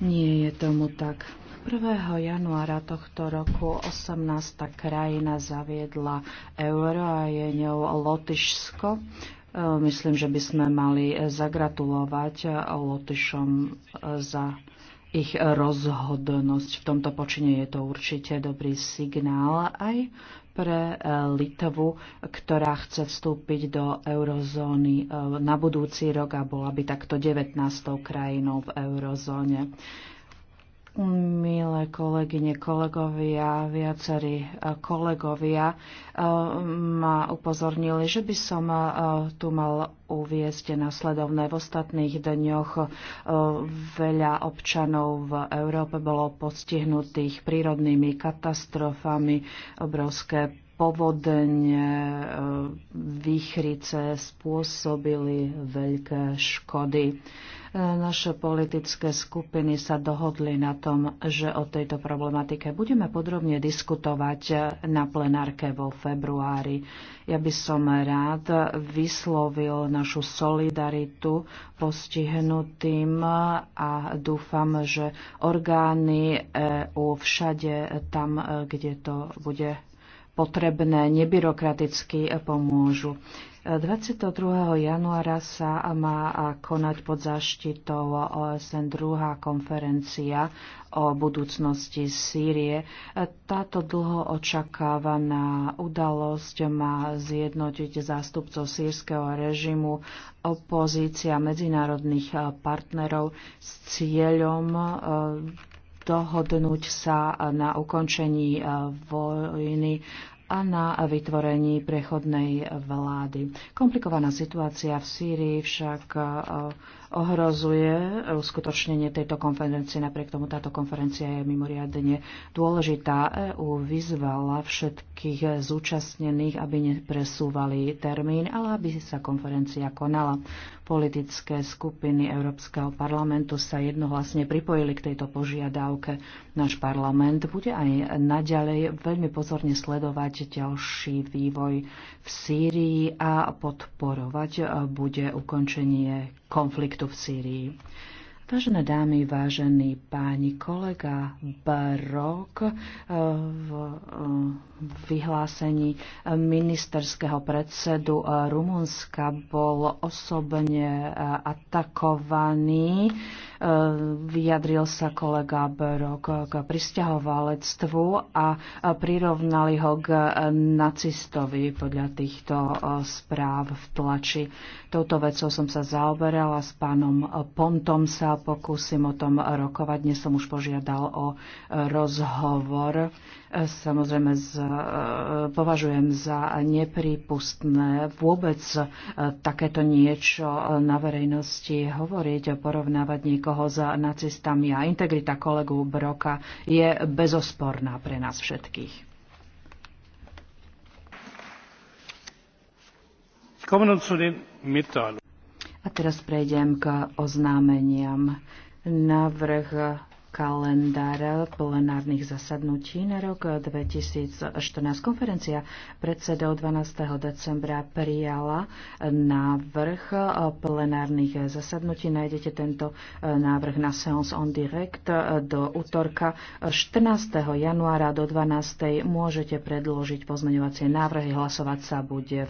Nie je tomu tak. 1. januára tohto roku 18. krajina zaviedla euro a je ňou Lotyšsko. E, myslím, že by sme mali e, zagratulovať e, Lotyšom za ich rozhodnosť. V tomto počine je to určite dobrý signál aj pre e, Litvu, ktorá chce vstúpiť do eurozóny e, na budúci rok a bola by takto 19. krajinou v eurozóne. Milé kolegyne, kolegovia, viacerí e, kolegovia ma upozornili, že by som tu mal uviezť nasledovné. V ostatných dňoch e, veľa občanov v Európe bolo postihnutých prírodnými katastrofami, obrovské povodne, e, výchrice spôsobili veľké škody. E, naše politické skupiny sa dohodli na tom, že o tejto problematike budeme podrobne diskutovať na plenárke vo februári. Ja by som rád vyslovil na našu solidaritu postihnutým a dúfam, že orgány EU všade tam, kde to bude potrebné, nebyrokraticky e, pomôžu. 22. E, januára sa má e, konať pod záštitou OSN druhá konferencia o budúcnosti Sýrie. Táto dlho očakávaná udalosť má zjednotiť zástupcov sírskeho režimu, opozícia medzinárodných partnerov s cieľom dohodnúť sa na ukončení e, vojny a na vytvorení prechodnej vlády. Komplikovaná situácia v Sýrii však e, ohrozuje uskutočnenie tejto konferencie. Napriek tomu táto konferencia je mimoriadne dôležitá. EU vyzvala všetky všetkých zúčastnených, aby nepresúvali termín, ale aby sa konferencia konala. Politické skupiny Európskeho parlamentu sa jednohlasne pripojili k tejto požiadavke. Náš parlament bude aj naďalej veľmi pozorne sledovať ďalší vývoj v Sýrii a podporovať bude ukončenie konfliktu v Sýrii. Vážené dámy, vážení páni, kolega Barok eh, eh, v vyhlásení ministerského predsedu eh, Rumunska bol osobne atakovaný Eh, vyjadril sa kolega Berok k pristahovalectvu a prirovnali ho k nacistovi podľa týchto eh, správ v tlači. Touto vecou som sa zaoberala s pánom Pontom sa pokúsim o tom rokovať. Dnes som už požiadal o rozhovor. Eh, samozrejme z, považujem za neprípustné vôbec takéto niečo na verejnosti hovoriť, porovnávať niekoho niekoho za nacistami a integrita kolegu Broka je bezosporná pre nás všetkých. A teraz prejdem k oznámeniam. Navrh kalendár plenárnych zasadnutí na rok 2014. Konferencia predsedov 12. decembra prijala návrh plenárnych zasadnutí. Nájdete tento návrh na Seance on Direct do útorka 14. januára do 12. Môžete predložiť pozmeňovacie návrhy. Hlasovať sa bude